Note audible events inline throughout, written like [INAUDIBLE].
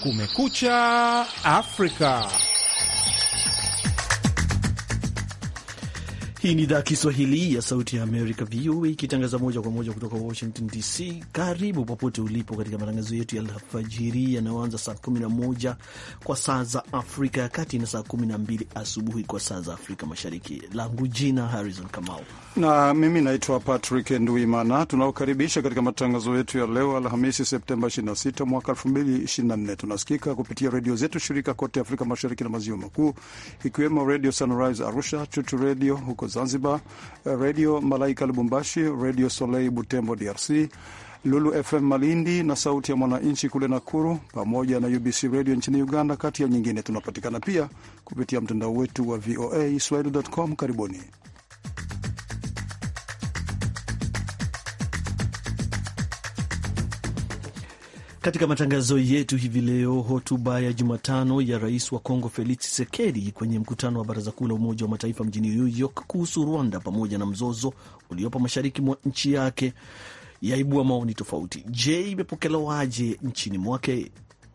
Kumekucha Afrika. Hii ni idhaa Kiswahili ya Sauti ya Amerika, VOA, ikitangaza moja kwa moja kutoka Washington DC. Karibu popote ulipo katika matangazo yetu ya alfajiri yanayoanza saa 11 kwa saa za Afrika ya Kati na saa 12 asubuhi kwa saa za Afrika Mashariki. Langu jina Harrison Kamau na mimi naitwa Patrick Nduimana. Tunaokaribisha katika matangazo yetu ya leo Alhamisi, Septemba 26 mwaka 2024. Tunasikika kupitia redio zetu shirika kote Afrika Mashariki na Maziwa Makuu, ikiwemo Redio Sunrise Arusha, Chuchu Redio huko Zanzibar, eh, Redio Malaika Lubumbashi, Redio Soleil Butembo DRC, Lulu FM Malindi na Sauti ya Mwananchi kule Nakuru, pamoja na UBC Redio nchini Uganda, kati ya nyingine. Tunapatikana pia kupitia mtandao wetu wa VOA Swahili.com. Karibuni. Katika matangazo yetu hivi leo, hotuba ya Jumatano ya rais wa Kongo Felix Tshisekedi kwenye mkutano wa baraza kuu la Umoja wa Mataifa mjini New York kuhusu Rwanda pamoja na mzozo uliopo mashariki mwa nchi yake yaibua maoni tofauti. Je, imepokelewaje nchini mwake?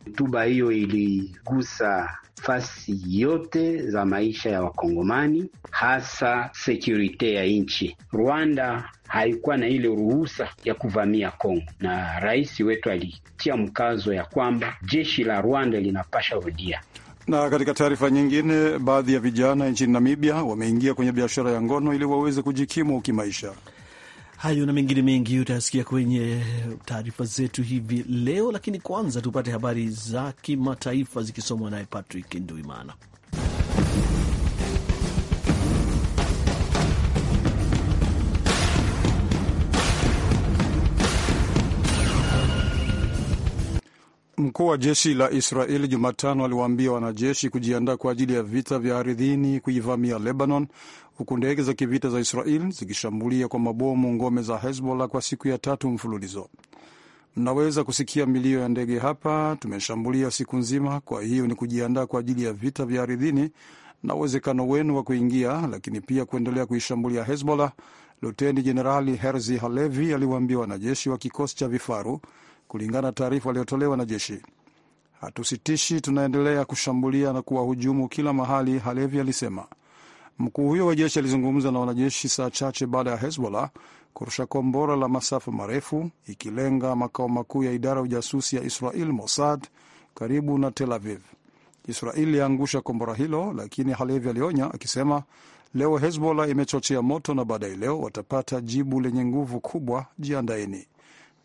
Hotuba hiyo iligusa fasi yote za maisha ya Wakongomani, hasa sekurite ya nchi. Rwanda haikuwa na ile ruhusa ya kuvamia Kongo, na rais wetu alitia mkazo ya kwamba jeshi la Rwanda linapasha rudia. Na katika taarifa nyingine, baadhi ya vijana nchini Namibia wameingia kwenye biashara ya ngono ili waweze kujikimu kimaisha. Hayo na mengine mengi utayasikia kwenye taarifa zetu hivi leo, lakini kwanza tupate habari za kimataifa zikisomwa naye Patrick Nduimana. Mkuu wa jeshi la Israeli Jumatano aliwaambia wanajeshi kujiandaa kwa ajili ya vita vya ardhini kuivamia Lebanon, huku ndege za kivita za Israel zikishambulia kwa mabomu ngome za Hezbollah kwa siku ya tatu mfululizo. Mnaweza kusikia milio ya ndege hapa, tumeshambulia siku nzima, kwa hiyo ni kujiandaa kwa ajili ya vita vya ardhini na uwezekano wenu wa kuingia, lakini pia kuendelea kuishambulia Hezbollah, Luteni Jenerali Herzi Halevi aliwaambia wanajeshi wa kikosi cha vifaru kulingana na taarifa iliyotolewa na jeshi. Hatusitishi, tunaendelea kushambulia na kuwahujumu kila mahali, Halevi alisema. Mkuu huyo wa jeshi alizungumza na wanajeshi saa chache baada ya Hezbollah kurusha kombora la masafa marefu ikilenga makao makuu ya idara ya ujasusi ya Israel, Mossad, karibu na Tel Aviv. Israel iliangusha kombora hilo, lakini Halevi alionya akisema, leo Hezbollah imechochea moto na baadaye leo watapata jibu lenye nguvu kubwa, jiandaeni.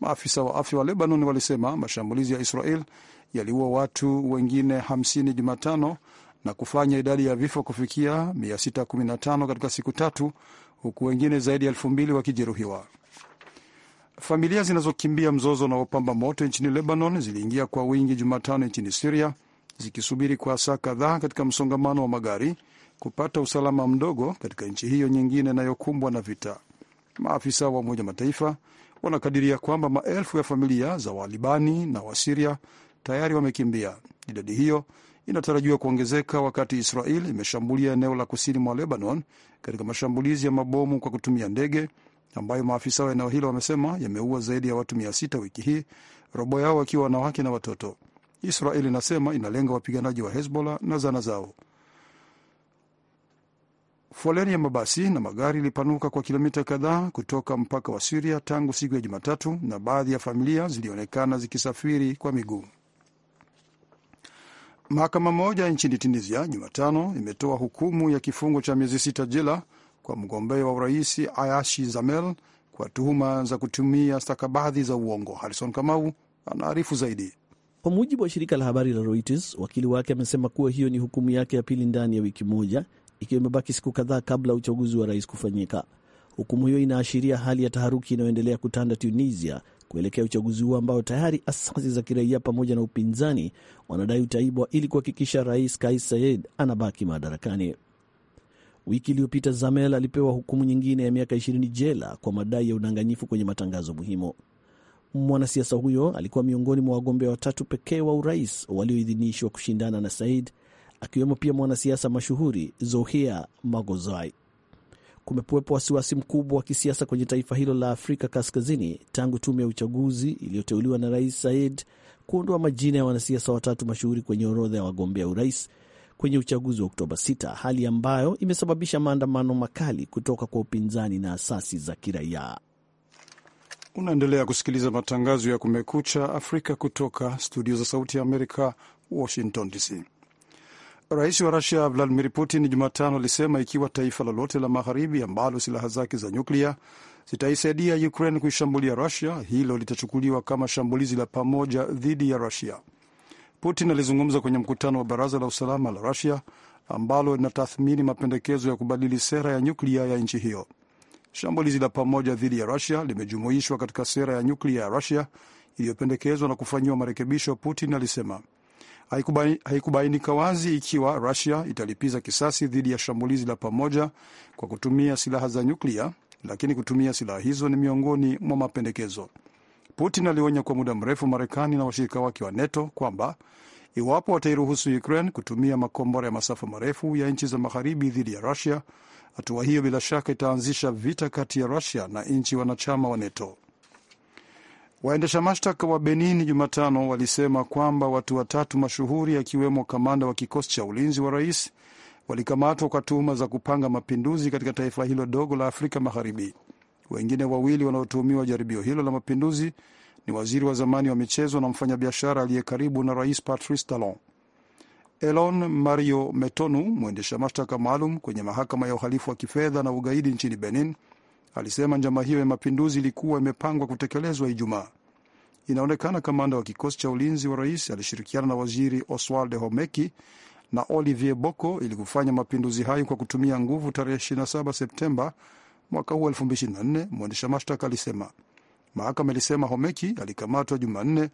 Maafisa wa afya wa Lebanon walisema mashambulizi ya Israel yaliua watu wengine 50 Jumatano na kufanya idadi ya vifo kufikia 615 katika siku tatu, huku wengine zaidi ya elfu wakijeruhiwa. Familia zinazokimbia mzozo unaopamba moto nchini Lebanon ziliingia kwa wingi Jumatano nchini Siria zikisubiri kwa saa kadhaa katika msongamano wa magari kupata usalama mdogo katika nchi hiyo nyingine inayokumbwa na vita. Maafisa wa Umoja Mataifa wanakadiria kwamba maelfu ya familia za walibani na Wasiria tayari wamekimbia. Idadi hiyo inatarajiwa kuongezeka wakati Israel imeshambulia eneo la kusini mwa Lebanon katika mashambulizi ya mabomu kwa kutumia ndege ambayo maafisa wa eneo hilo wamesema yameua zaidi ya watu mia sita wiki hii, robo yao wakiwa wanawake na watoto. Israel inasema inalenga wapiganaji wa Hezbollah na zana zao. Foleni ya mabasi na magari ilipanuka kwa kilomita kadhaa kutoka mpaka wa Siria tangu siku ya Jumatatu, na baadhi ya familia zilionekana zikisafiri kwa miguu. Mahakama moja nchini Tunisia Jumatano imetoa hukumu ya kifungo cha miezi sita jela kwa mgombea wa urais Ayashi Zamel kwa tuhuma za kutumia stakabadhi za uongo. Harison Kamau anaarifu zaidi. Kwa mujibu wa shirika la habari la Reuters, wakili wake amesema kuwa hiyo ni hukumu yake ya pili ndani ya wiki moja ikiwa imebaki siku kadhaa kabla uchaguzi wa rais kufanyika. Hukumu hiyo inaashiria hali ya taharuki inayoendelea kutanda Tunisia kuelekea uchaguzi huo ambao tayari asasi za kiraia pamoja na upinzani wanadai utaibwa ili kuhakikisha rais Kais Saied anabaki madarakani. Wiki iliyopita Zamel alipewa hukumu nyingine ya miaka ishirini jela kwa madai ya udanganyifu kwenye matangazo muhimu. Mwanasiasa huyo alikuwa miongoni mwa wagombea watatu pekee wa urais walioidhinishwa kushindana na Said akiwemo pia mwanasiasa mashuhuri Zohia Magozai. Kumepuwepo wasiwasi mkubwa wa kisiasa kwenye taifa hilo la Afrika Kaskazini tangu tume ya uchaguzi iliyoteuliwa na Rais Said kuondoa majina ya wanasiasa watatu mashuhuri kwenye orodha ya wagombea urais kwenye uchaguzi wa Oktoba 6, hali ambayo imesababisha maandamano makali kutoka kwa upinzani na asasi za kiraia. Unaendelea kusikiliza matangazo ya Kumekucha Afrika kutoka studio za Sauti ya Amerika, Washington DC. Rais wa Rusia Vladimir Putin Jumatano alisema ikiwa taifa lolote la magharibi ambalo silaha zake za nyuklia zitaisaidia Ukraine kuishambulia Rusia, hilo litachukuliwa kama shambulizi la pamoja dhidi ya Rusia. Putin alizungumza kwenye mkutano wa baraza la usalama la Rusia ambalo linatathmini mapendekezo ya kubadili sera ya nyuklia ya nchi hiyo. Shambulizi la pamoja dhidi ya Rusia limejumuishwa katika sera ya nyuklia ya Rusia iliyopendekezwa na kufanyiwa marekebisho, Putin alisema. Haikubainika wazi ikiwa Rusia italipiza kisasi dhidi ya shambulizi la pamoja kwa kutumia silaha za nyuklia, lakini kutumia silaha hizo ni miongoni mwa mapendekezo. Putin alionya kwa muda mrefu Marekani na washirika wake wa NATO kwamba iwapo watairuhusu Ukraine kutumia makombora ya masafa marefu ya nchi za magharibi dhidi ya Rusia, hatua hiyo bila shaka itaanzisha vita kati ya Rusia na nchi wanachama wa NATO. Waendesha mashtaka wa Benin Jumatano walisema kwamba watu watatu mashuhuri akiwemo kamanda wa kikosi cha ulinzi wa rais walikamatwa kwa tuhuma za kupanga mapinduzi katika taifa hilo dogo la Afrika Magharibi. Wengine wawili wanaotuhumiwa jaribio hilo la mapinduzi ni waziri wa zamani wa michezo na mfanyabiashara aliye karibu na rais Patrice Talon. Elon Mario Metonu, mwendesha mashtaka maalum kwenye mahakama ya uhalifu wa kifedha na ugaidi nchini Benin, alisema njama hiyo ya mapinduzi ilikuwa imepangwa kutekelezwa Ijumaa. Inaonekana kamanda wa kikosi cha ulinzi wa rais alishirikiana na waziri Oswald Homeki na Olivier Boko ili kufanya mapinduzi hayo kwa kutumia nguvu tarehe 27 Septemba mwaka huu 2024, mwendesha mashtaka alisema. Mahakama ilisema Homeki alikamatwa Jumanne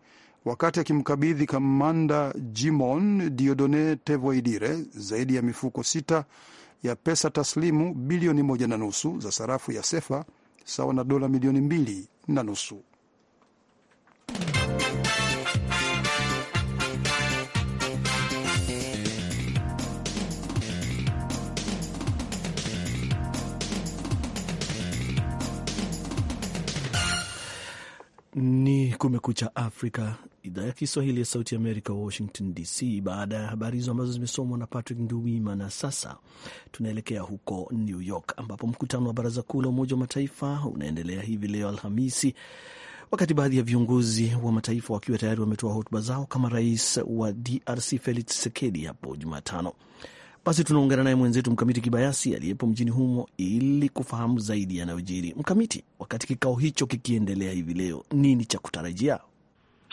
wakati akimkabidhi kamanda Jimon Diodone Tevoidire zaidi ya mifuko sita ya pesa taslimu bilioni moja na nusu za sarafu ya sefa sawa na dola milioni mbili na nusu. Ni Kumekucha Afrika, idhaa ya Kiswahili ya Sauti Amerika, Washington DC. Baada ya habari hizo ambazo zimesomwa na Patrick Nduwima, na sasa tunaelekea huko New York ambapo mkutano wa Baraza Kuu la Umoja wa Mataifa unaendelea hivi leo Alhamisi, wakati baadhi ya viongozi wa mataifa wakiwa tayari wametoa hotuba zao kama rais wa DRC Felix Tshisekedi hapo Jumatano. Basi tunaungana naye mwenzetu Mkamiti Kibayasi aliyepo mjini humo ili kufahamu zaidi yanayojiri. Mkamiti, wakati kikao hicho kikiendelea hivi leo, nini cha kutarajia?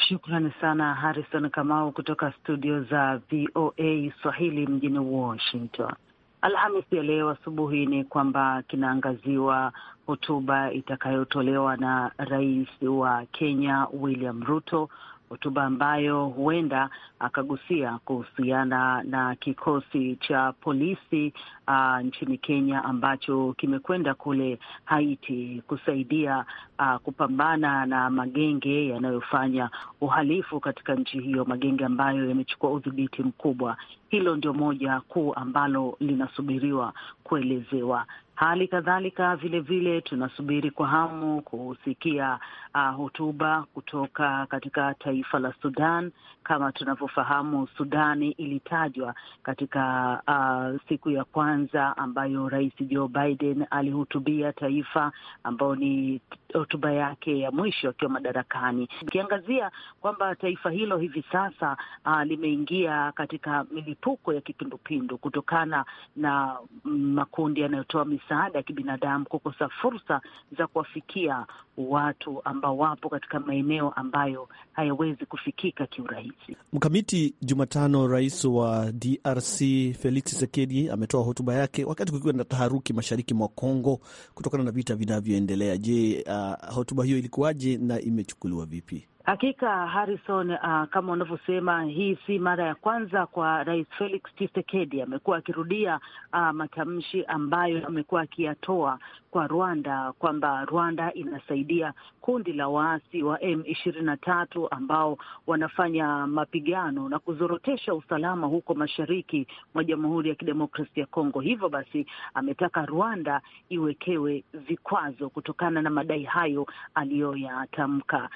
Shukrani sana Harrison Kamau kutoka studio za VOA Swahili mjini Washington. Alhamisi ya leo asubuhi ni kwamba kinaangaziwa hotuba itakayotolewa na rais wa Kenya William Ruto hotuba ambayo huenda akagusia kuhusiana na kikosi cha polisi uh, nchini Kenya ambacho kimekwenda kule Haiti kusaidia uh, kupambana na magenge yanayofanya uhalifu katika nchi hiyo, magenge ambayo yamechukua udhibiti mkubwa. Hilo ndio moja kuu ambalo linasubiriwa kuelezewa. Hali kadhalika vilevile tunasubiri kwa hamu kusikia uh, hotuba kutoka katika taifa la Sudan. Kama tunavyofahamu, Sudani ilitajwa katika uh, siku ya kwanza ambayo Rais Joe Biden alihutubia taifa, ambayo ni hotuba yake ya mwisho akiwa madarakani, ukiangazia kwamba taifa hilo hivi sasa uh, limeingia katika milipuko ya kipindupindu kutokana na mm, makundi yanayotoa misaada ya kibinadamu kukosa fursa za kuwafikia watu ambao wapo katika maeneo ambayo hayawezi kufikika kiurahisi. Mkamiti, Jumatano rais wa DRC Felix Tshisekedi ametoa hotuba yake wakati kukiwa na taharuki mashariki mwa Kongo kutokana na vita vinavyoendelea. Je, uh, hotuba hiyo ilikuwaje na imechukuliwa vipi? Hakika Harrison, uh, kama unavyosema, hii si mara ya kwanza kwa Rais Felix Tshisekedi. Amekuwa akirudia uh, matamshi ambayo amekuwa akiyatoa kwa Rwanda kwamba Rwanda inasaidia kundi la waasi wa M ishirini na tatu ambao wanafanya mapigano na kuzorotesha usalama huko mashariki mwa Jamhuri ya Kidemokrasia ya Kongo. Hivyo basi, ametaka Rwanda iwekewe vikwazo kutokana na madai hayo aliyoyatamka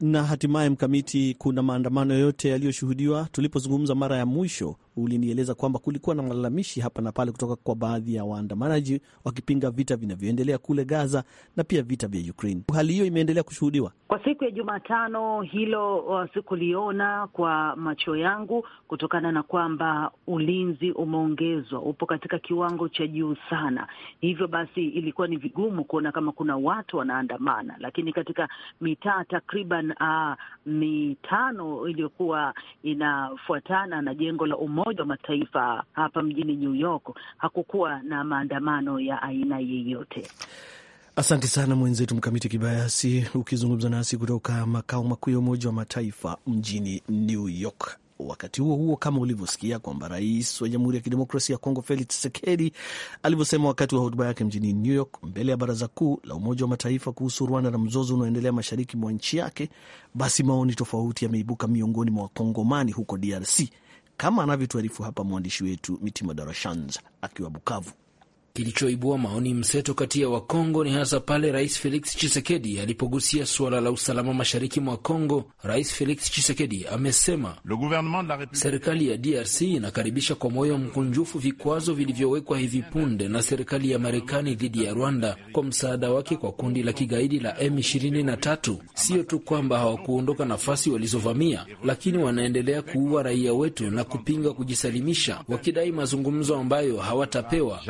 na hatimaye mkamiti, kuna maandamano yoyote yaliyoshuhudiwa? Tulipozungumza mara ya mwisho ulinieleza kwamba kulikuwa na malalamishi hapa na pale kutoka kwa baadhi ya waandamanaji wakipinga vita vinavyoendelea kule Gaza na pia vita vya Ukraine. Hali hiyo imeendelea kushuhudiwa kwa siku ya Jumatano. Hilo uh, sikuliona kwa macho yangu kutokana na kwamba ulinzi umeongezwa, upo katika kiwango cha juu sana. Hivyo basi ilikuwa ni vigumu kuona kama kuna watu wanaandamana, lakini katika mitaa takriban uh, mitano iliyokuwa inafuatana na jengo la umo Umoja wa Mataifa hapa mjini New York, hakukuwa na maandamano ya aina yeyote. Asante sana mwenzetu Mkamiti Kibayasi ukizungumza nasi kutoka makao makuu ya Umoja wa Mataifa mjini New York. Wakati huo huo, kama ulivyosikia kwamba rais wa Jamhuri ya Kidemokrasia ya Kongo Felix Tshisekedi alivyosema wakati wa hotuba yake mjini New York mbele ya Baraza Kuu la Umoja wa Mataifa kuhusu Rwanda na mzozo unaoendelea mashariki mwa nchi yake, basi maoni tofauti yameibuka miongoni mwa Wakongomani huko DRC kama anavyotuarifu hapa mwandishi wetu Mitima Darashans akiwa Bukavu. Kilichoibua maoni mseto kati ya Wakongo ni hasa pale Rais Felix chisekedi alipogusia suala la usalama mashariki mwa Kongo. Rais Felix chisekedi amesema serikali ya DRC inakaribisha kwa moyo mkunjufu vikwazo vilivyowekwa hivi punde na serikali ya Marekani dhidi ya Rwanda kwa msaada wake kwa kundi la kigaidi la M23. Siyo tu kwamba hawakuondoka nafasi walizovamia, lakini wanaendelea kuua raia wetu na kupinga kujisalimisha, wakidai mazungumzo ambayo hawatapewa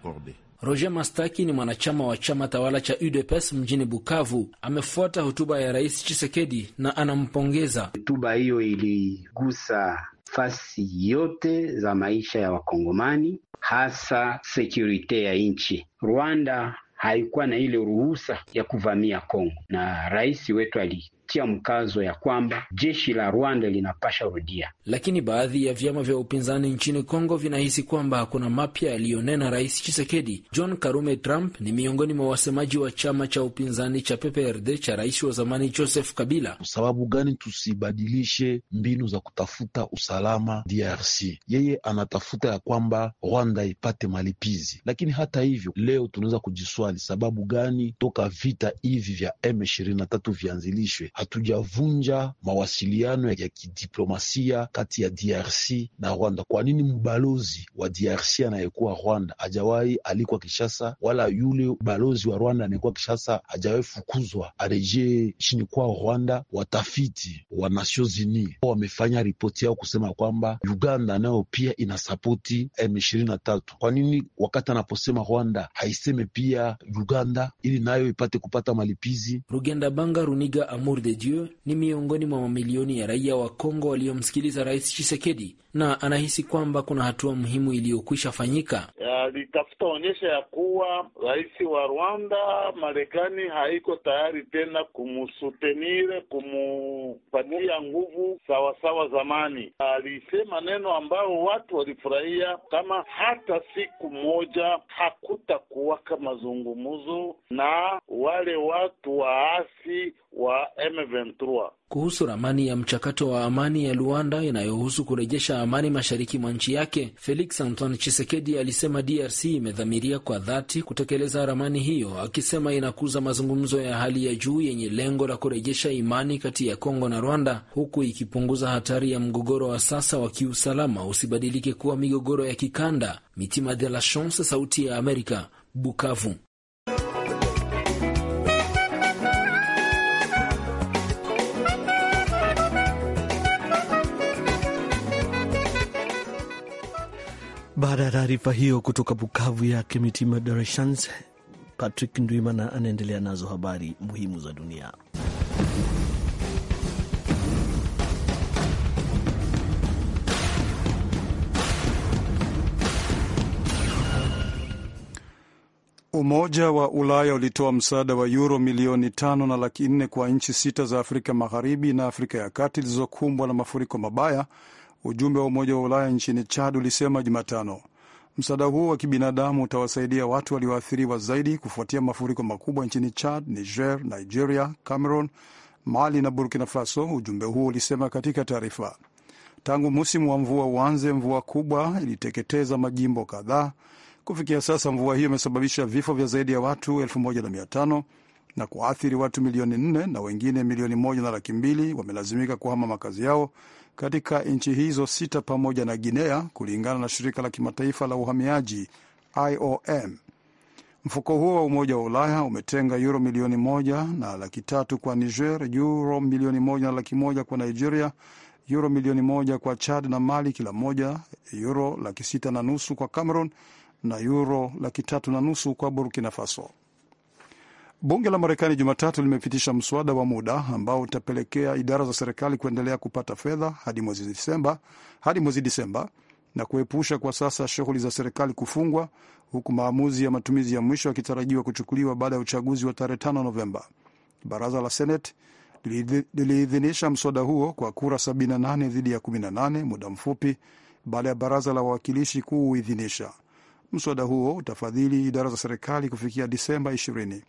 accordée. Roger Mastaki ni mwanachama wa chama tawala cha UDPS mjini Bukavu. Amefuata hotuba ya Rais Chisekedi na anampongeza. Hotuba hiyo iligusa fasi yote za maisha ya Wakongomani, hasa sekurite ya nchi. Rwanda haikuwa na ile ruhusa ya kuvamia Kongo, na rais wetu ali kutia mkazo ya kwamba jeshi la Rwanda linapasha rudia. Lakini baadhi ya vyama vya upinzani nchini Kongo vinahisi kwamba kuna mapya yaliyonena Rais Chisekedi. John Karume Trump ni miongoni mwa wasemaji wa chama cha upinzani cha PPRD cha rais wa zamani Joseph Kabila. Sababu gani tusibadilishe mbinu za kutafuta usalama DRC? Yeye anatafuta ya kwamba Rwanda ipate malipizi, lakini hata hivyo leo tunaweza kujiswali sababu gani toka vita hivi vya M ishirini vianzilishwe hatujavunja mawasiliano ya kidiplomasia kati ya DRC na Rwanda. Kwa nini mbalozi wa DRC anayekuwa Rwanda ajawai alikwa Kishasa, wala yule balozi wa Rwanda anayekuwa Kishasa hajawahi fukuzwa arejee chini kwao Rwanda? Watafiti wa Nations Unies wamefanya ripoti yao kusema kwamba Uganda nayo pia sapoti M23. Kwa nini wakati anaposema Rwanda haiseme pia Uganda ili nayo ipate kupata malipizi? Rugenda Banga, Runiga Amurde de ni miongoni mwa mamilioni ya raia wa Kongo waliomsikiliza Rais chisekedi na anahisi kwamba kuna hatua muhimu iliyokwisha fanyika litafuta uh, onyesha ya kuwa rais wa Rwanda, Marekani haiko tayari tena kumusutenire, kumupatia nguvu sawasawa zamani. Alisema neno ambayo watu walifurahia, kama hata siku moja hakutakuwaka mazungumzo na wale watu waasi wa M23 kuhusu ramani ya mchakato wa amani ya Luanda inayohusu kurejesha amani mashariki mwa nchi yake, Felix Antoine chisekedi alisema DRC imedhamiria kwa dhati kutekeleza ramani hiyo, akisema inakuza mazungumzo ya hali ya juu yenye lengo la kurejesha imani kati ya Kongo na Rwanda, huku ikipunguza hatari ya mgogoro wa sasa wa kiusalama usibadilike kuwa migogoro ya kikanda. Mitima de la Chance, Sauti ya Amerika, Bukavu. Baada ya taarifa hiyo kutoka Bukavu ya Mitima Darashans, Patrick Ndwimana anaendelea nazo habari muhimu za dunia. Umoja wa Ulaya ulitoa msaada wa yuro milioni tano na laki nne kwa nchi sita za Afrika Magharibi na Afrika ya Kati zilizokumbwa na mafuriko mabaya Ujumbe wa Umoja wa Ulaya nchini Chad ulisema Jumatano msaada huo wa kibinadamu utawasaidia watu walioathiriwa zaidi kufuatia mafuriko makubwa nchini Chad, Niger, Nigeria, Cameroon, Mali na Burkina Faso. Ujumbe huo ulisema katika taarifa, tangu musimu wa mvua uanze, mvua kubwa iliteketeza majimbo kadhaa. Kufikia sasa, mvua hiyo imesababisha vifo vya zaidi ya watu 1500 na kuathiri watu milioni nne na wengine milioni moja na laki mbili wamelazimika kuhama makazi yao katika nchi hizo sita pamoja na Guinea, kulingana na shirika la kimataifa la uhamiaji IOM. Mfuko huo wa Umoja wa Ulaya umetenga yuro milioni moja na laki tatu kwa Niger, yuro milioni moja na laki moja kwa Nigeria, yuro milioni moja kwa Chad na Mali kila moja, yuro laki sita na nusu kwa Cameron na yuro laki tatu na nusu kwa Burkina Faso. Bunge la Marekani Jumatatu limepitisha mswada wa muda ambao utapelekea idara za serikali kuendelea kupata fedha hadi mwezi Disemba, hadi mwezi Disemba na kuepusha kwa sasa shughuli za serikali kufungwa, huku maamuzi ya matumizi ya mwisho yakitarajiwa kuchukuliwa baada ya uchaguzi wa tarehe tano Novemba. Baraza la Seneti liliidhinisha mswada huo kwa kura 78 dhidi ya 18 muda mfupi baada ya baraza la wawakilishi kuuidhinisha. Mswada huo utafadhili idara za serikali kufikia Disemba ishirini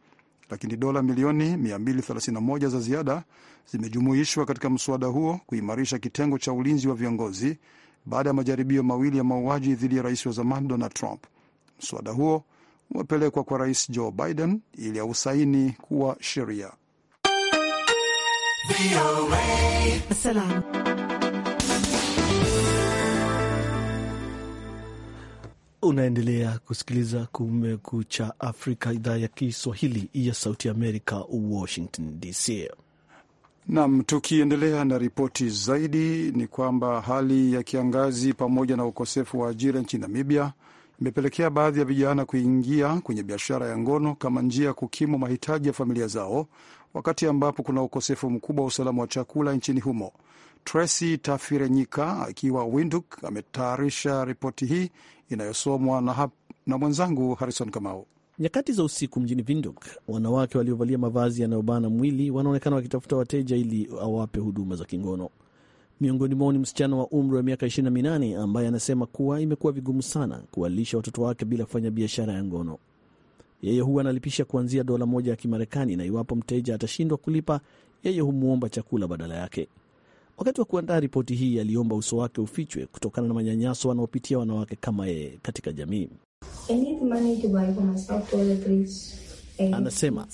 lakini dola milioni 231 za ziada zimejumuishwa katika mswada huo kuimarisha kitengo cha ulinzi wa viongozi baada ya majaribio mawili ya mauaji dhidi ya rais wa zamani Donald Trump. Mswada huo umepelekwa kwa rais Joe Biden ili ausaini kuwa sheria. Unaendelea kusikiliza Kumekucha Afrika, idhaa ya Kiswahili ya Sauti Amerika, Washington DC. Nam, tukiendelea na ripoti zaidi ni kwamba hali ya kiangazi pamoja na ukosefu wa ajira nchini Namibia imepelekea baadhi ya vijana kuingia kwenye biashara ya ngono kama njia ya kukimu mahitaji ya familia zao, wakati ambapo kuna ukosefu mkubwa wa usalama wa chakula nchini humo. Tracy Tafirenyika akiwa Winduk ametayarisha ripoti hii inayosomwa na, na mwenzangu Harrison Kamau. Nyakati za usiku mjini Vinduk, wanawake waliovalia mavazi yanayobana mwili wanaonekana wakitafuta wateja ili awape huduma za kingono. Miongoni mwao ni msichana wa umri wa miaka 28 ambaye anasema kuwa imekuwa vigumu sana kuwalisha watoto wake bila kufanya biashara ya ngono. Yeye huwa analipisha kuanzia dola moja ya Kimarekani, na iwapo mteja atashindwa kulipa, yeye humwomba chakula badala yake. Wakati wa kuandaa ripoti hii, aliomba uso wake ufichwe kutokana na manyanyaso wanaopitia wanawake kama yeye katika jamii. Anasema,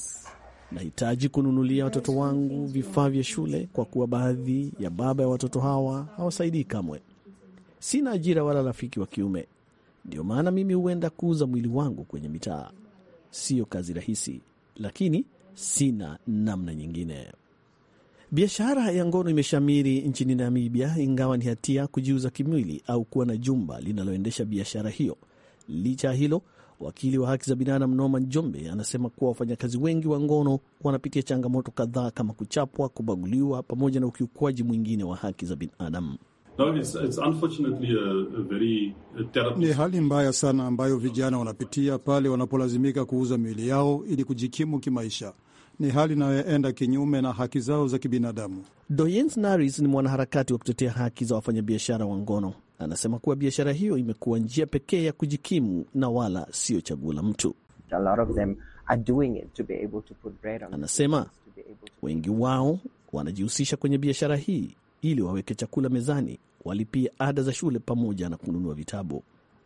nahitaji kununulia watoto wangu vifaa vya shule kwa kuwa baadhi ya baba ya watoto hawa hawasaidii kamwe. Sina ajira wala rafiki wa kiume, ndio maana mimi huenda kuuza mwili wangu kwenye mitaa. Siyo kazi rahisi, lakini sina namna nyingine. Biashara ya ngono imeshamiri nchini Namibia, ingawa ni hatia kujiuza kimwili au kuwa na jumba linaloendesha biashara hiyo. Licha ya hilo, wakili wa haki za binadamu Norman Jombe anasema kuwa wafanyakazi wengi wa ngono wanapitia changamoto kadhaa kama kuchapwa, kubaguliwa, pamoja na ukiukwaji mwingine wa haki za binadamu. No, it's, it's a, a very ni hali mbaya sana ambayo vijana wanapitia pale wanapolazimika kuuza miili yao ili kujikimu kimaisha ni hali inayoenda kinyume na haki zao za kibinadamu. Doyens Naris ni mwanaharakati wa kutetea haki za wafanyabiashara wa ngono. Anasema kuwa biashara hiyo imekuwa njia pekee ya kujikimu na wala sio chaguo la mtu. Anasema wengi wao wanajihusisha kwenye biashara hii ili waweke chakula mezani, walipia ada za shule pamoja na kununua vitabu.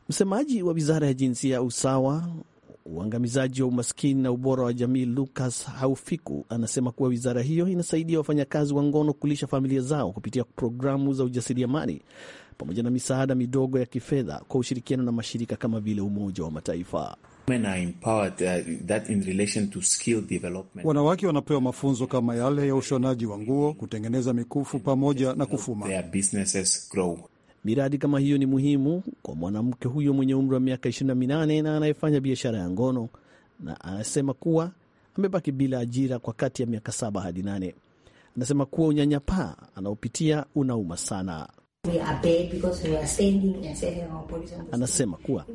Msemaji wa wizara ya jinsia, usawa, uangamizaji wa umaskini na ubora wa jamii Lucas Haufiku anasema kuwa wizara hiyo inasaidia wafanyakazi wa ngono kulisha familia zao kupitia programu za ujasiriamali pamoja na misaada midogo ya kifedha kwa ushirikiano na mashirika kama vile Umoja wa Mataifa. Uh, Wanawake wanapewa mafunzo kama yale ya ushonaji wa nguo, kutengeneza mikufu pamoja na kufuma. Miradi kama hiyo ni muhimu kwa mwanamke huyo mwenye umri wa miaka 28 na anayefanya biashara ya ngono, na anasema kuwa amebaki bila ajira kwa kati ya miaka saba hadi nane. Anasema kuwa unyanyapaa anaopitia unauma sana. Anasema kuwa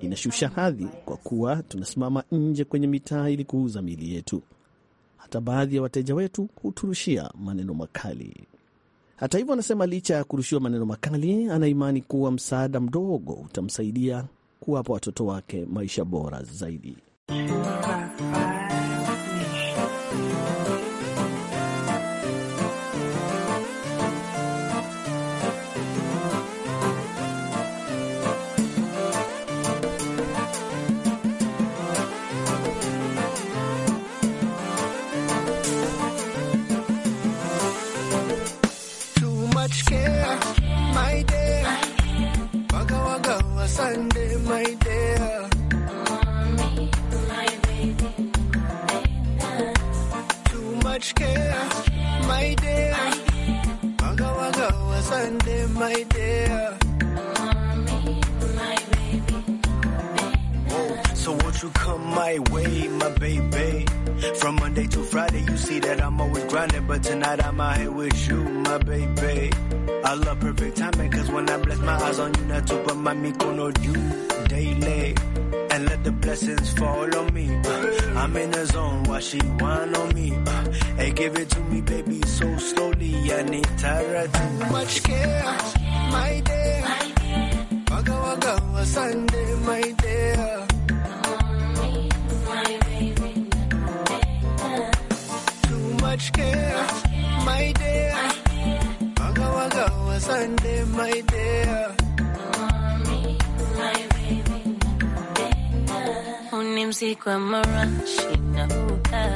inashusha hadhi kwa kuwa tunasimama nje kwenye mitaa ili kuuza mili yetu. Hata baadhi ya wateja wetu huturushia maneno makali. Hata hivyo, anasema licha ya kurushiwa maneno makali, anaimani kuwa msaada mdogo utamsaidia kuwapa watoto wake maisha bora zaidi. blessings fall on me. Uh, I'm in the zone while she whine on me. Uh, hey, give it to me, baby, so slowly. I need Tara too much care. My dear, waga waga Sunday, my dear. Too much care, my dear. Waga waga Sunday, my dear. uni Unimziko marashi na uka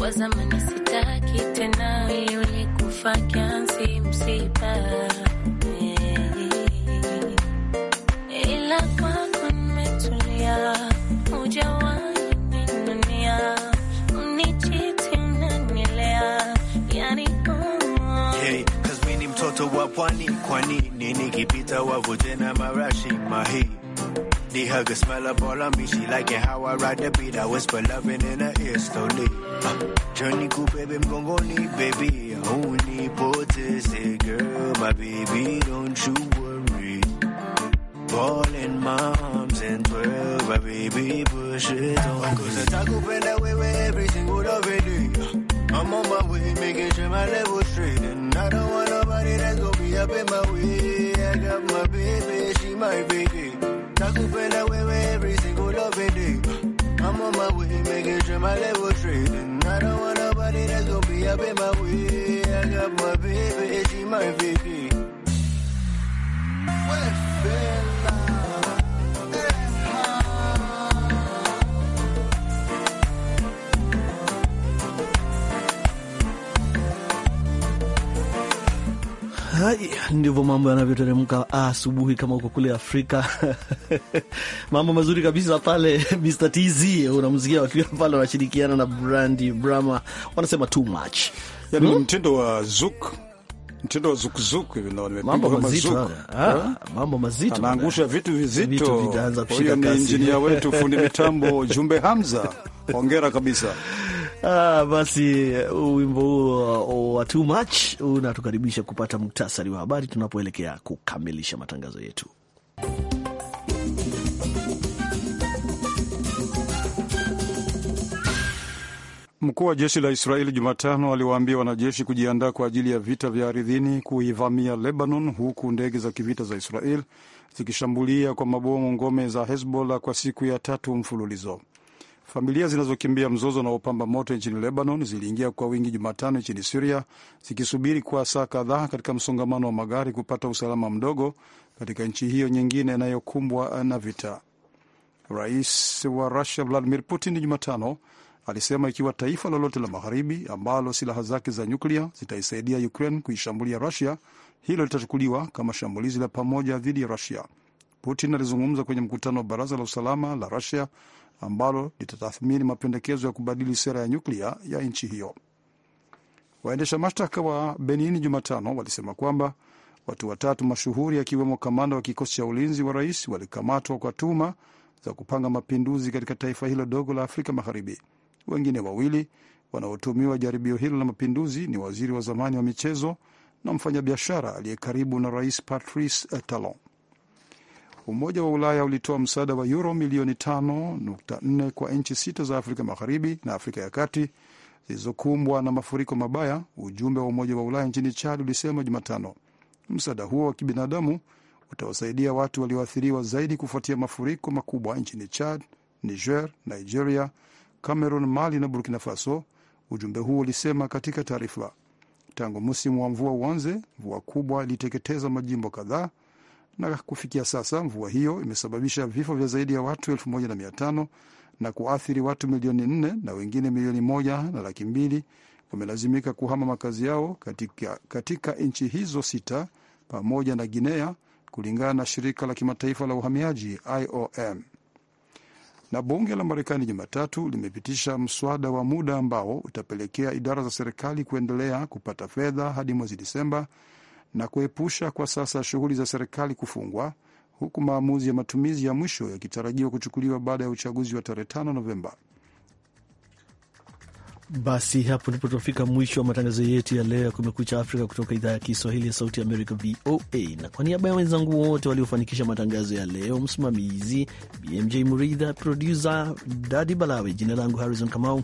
wa zamani, sitaki tena yule kufa kianzi msiba, ila kwako nimetulia, ujawahi ninunia, unichiti mnanielea, mtoto wa pwani, kwani nini kipita wavu tena marashi mahi The hug, a smell up all on me. She like it how I ride the beat. I whisper loving in her ear slowly. Uh, journey cool, baby, I'm gon' go need, baby. I only say girl, my baby, don't you worry. Ball in my arms and twirl, my baby, push it on. Cause I talk up in that way with every single love in I'm on my way, making sure my level straight. And I don't want nobody that's gonna be up in my way. I got my baby, she my baby nakupenda wewe every single loving day. I'm on my way, making sure my level trading. I don't want nobody that's gonna be up in my way. I got my baby, she my baby. What a fella. ndivyo mambo yanavyoteremka asubuhi kama uko kule Afrika [LAUGHS] mambo mazuri kabisa pale. Mr TZ unamsikia wakiwa pale wanashirikiana na Brandi Brama, wanasema too much, yani hmm? mtindo wa zuk mtindo wa zukuzuk, mambo mazito, ah, mambo mazito, anaangusha vitu vizito. Huyo ni injinia wetu fundi [LAUGHS] mitambo Jumbe Hamza, hongera kabisa. Ah, basi uh, wimbo huo uh, wa too much unatukaribisha kupata muktasari wa habari tunapoelekea kukamilisha matangazo yetu. Mkuu wa jeshi la Israeli Jumatano aliwaambia wanajeshi kujiandaa kwa ajili ya vita vya ardhini kuivamia Lebanon, huku ndege za kivita za israeli zikishambulia kwa mabomu ngome za Hezbollah kwa siku ya tatu mfululizo. Familia zinazokimbia mzozo unaopamba moto nchini Lebanon ziliingia kwa wingi Jumatano nchini Siria zikisubiri kwa saa kadhaa katika msongamano wa magari kupata usalama mdogo katika nchi hiyo nyingine inayokumbwa na vita. Rais wa Rusia Vladimir Putin Jumatano alisema ikiwa taifa lolote la magharibi ambalo silaha zake za nyuklia zitaisaidia Ukraine kuishambulia Rusia, hilo litachukuliwa kama shambulizi la pamoja dhidi ya Rusia. Putin alizungumza kwenye mkutano wa baraza la usalama la Rusia ambalo litatathmini mapendekezo ya kubadili sera ya nyuklia ya nchi hiyo. Waendesha mashtaka wa Benin Jumatano walisema kwamba watu watatu mashuhuri akiwemo kamanda wa kikosi cha ulinzi wa rais walikamatwa kwa tuma za kupanga mapinduzi katika taifa hilo dogo la Afrika Magharibi. Wengine wawili wanaotumiwa jaribio hilo la mapinduzi ni waziri wa zamani wa michezo na mfanyabiashara aliye karibu na rais Patrice Talon. Umoja wa Ulaya ulitoa msaada wa euro milioni 5.4 kwa nchi sita za Afrika Magharibi na Afrika ya Kati zilizokumbwa na mafuriko mabaya, ujumbe wa Umoja wa Ulaya nchini Chad ulisema Jumatano. Msaada huo wa kibinadamu utawasaidia watu walioathiriwa zaidi kufuatia mafuriko makubwa nchini Chad, Niger, Nigeria, Cameroon, Mali na Burkina Faso, ujumbe huo ulisema katika taarifa. Tangu msimu wa mvua uanze, mvua kubwa iliteketeza majimbo kadhaa na kufikia sasa mvua hiyo imesababisha vifo vya zaidi ya watu elfu moja na mia tano na kuathiri watu milioni nne na wengine milioni moja na laki mbili wamelazimika kuhama makazi yao katika, katika nchi hizo sita pamoja na Guinea kulingana na shirika la kimataifa la uhamiaji IOM. Na bunge la Marekani Jumatatu limepitisha mswada wa muda ambao utapelekea idara za serikali kuendelea kupata fedha hadi mwezi Disemba na kuepusha kwa sasa shughuli za serikali kufungwa huku maamuzi ya matumizi ya mwisho yakitarajiwa kuchukuliwa baada ya uchaguzi wa tarehe tano Novemba. Basi hapo ndipo tunafika mwisho wa matangazo yetu ya leo ya Kumekucha Afrika kutoka idhaa ya Kiswahili ya Sauti Amerika, VOA. Na kwa niaba ya wenzangu wote waliofanikisha matangazo ya leo, msimamizi BMJ Muridha, produsa Dadi Balawe, jina langu Harrison Kamau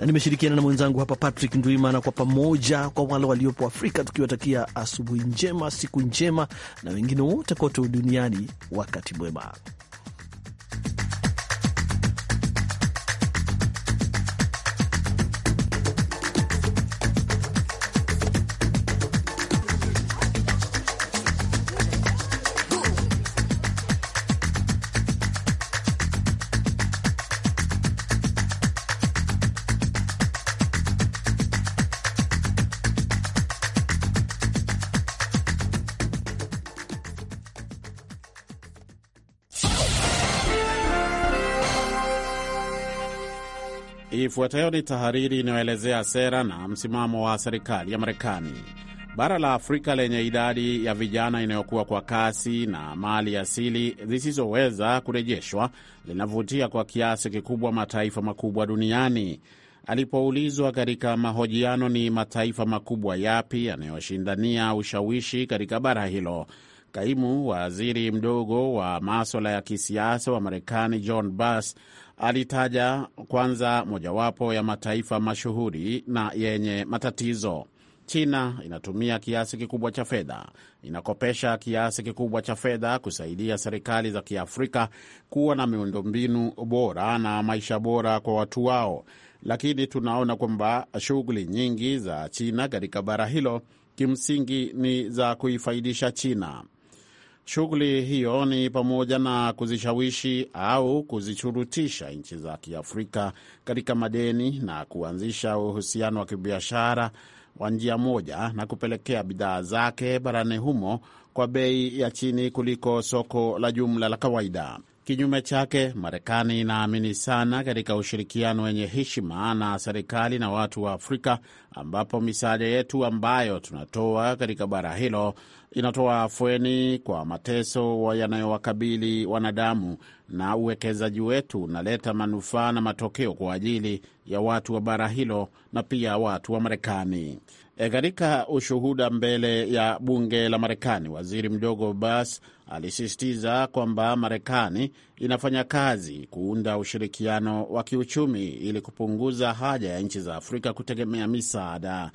na nimeshirikiana na mwenzangu hapa Patrick Ndwimana, kwa pamoja kwa wale waliopo Afrika tukiwatakia asubuhi njema, siku njema, na wengine wote kote duniani wakati mwema. Ifuatayo ni tahariri inayoelezea sera na msimamo wa serikali ya Marekani. Bara la Afrika lenye idadi ya vijana inayokuwa kwa kasi na mali asili zisizoweza kurejeshwa linavutia kwa kiasi kikubwa mataifa makubwa duniani. Alipoulizwa katika mahojiano ni mataifa makubwa yapi yanayoshindania ushawishi katika bara hilo, kaimu waziri mdogo wa maswala ya kisiasa wa Marekani John Bass alitaja kwanza mojawapo ya mataifa mashuhuri na yenye matatizo. China inatumia kiasi kikubwa cha fedha, inakopesha kiasi kikubwa cha fedha kusaidia serikali za Kiafrika kuwa na miundombinu bora na maisha bora kwa watu wao, lakini tunaona kwamba shughuli nyingi za China katika bara hilo kimsingi ni za kuifaidisha China. Shughuli hiyo ni pamoja na kuzishawishi au kuzishurutisha nchi za Kiafrika katika madeni na kuanzisha uhusiano wa kibiashara wa njia moja na kupelekea bidhaa zake barani humo kwa bei ya chini kuliko soko la jumla la kawaida. Kinyume chake, Marekani inaamini sana katika ushirikiano wenye heshima na serikali na watu wa Afrika, ambapo misaada yetu ambayo tunatoa katika bara hilo inatoa afueni kwa mateso yanayowakabili wanadamu, na uwekezaji wetu unaleta manufaa na matokeo kwa ajili ya watu wa bara hilo na pia watu wa Marekani. E, katika ushuhuda mbele ya bunge la Marekani, waziri mdogo bas alisisitiza kwamba Marekani inafanya kazi kuunda ushirikiano wa kiuchumi ili kupunguza haja ya nchi za Afrika kutegemea misaada.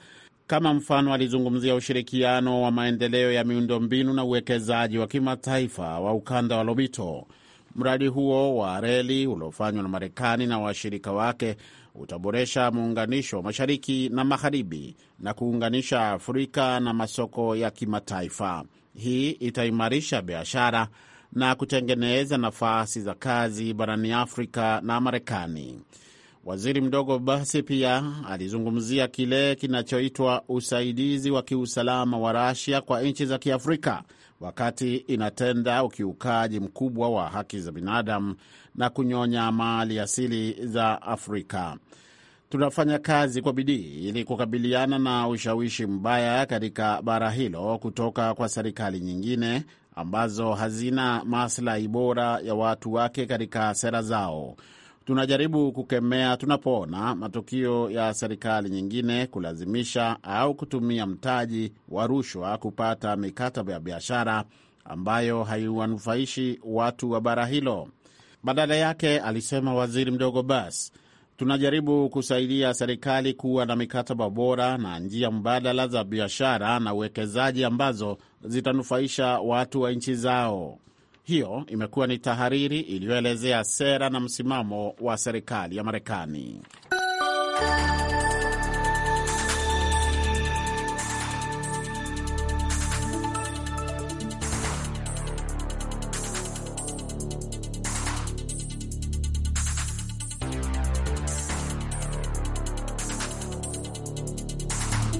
Kama mfano, alizungumzia ushirikiano wa maendeleo ya miundombinu na uwekezaji wa kimataifa wa ukanda wa Lobito. Mradi huo wa reli uliofanywa na Marekani na washirika wake utaboresha muunganisho wa mashariki na magharibi na kuunganisha Afrika na masoko ya kimataifa. Hii itaimarisha biashara na kutengeneza nafasi za kazi barani Afrika na Marekani. Waziri mdogo basi pia alizungumzia kile kinachoitwa usaidizi wa kiusalama wa Rasia kwa nchi za Kiafrika wakati inatenda ukiukaji mkubwa wa haki za binadamu na kunyonya mali asili za Afrika. Tunafanya kazi kwa bidii ili kukabiliana na ushawishi mbaya katika bara hilo kutoka kwa serikali nyingine ambazo hazina maslahi bora ya watu wake katika sera zao tunajaribu kukemea tunapoona matukio ya serikali nyingine kulazimisha au kutumia mtaji wa rushwa kupata mikataba ya biashara ambayo haiwanufaishi watu wa bara hilo. Badala yake, alisema waziri mdogo Bas, tunajaribu kusaidia serikali kuwa na mikataba bora na njia mbadala za biashara na uwekezaji ambazo zitanufaisha watu wa nchi zao. Hiyo imekuwa ni tahariri iliyoelezea sera na msimamo wa serikali ya Marekani.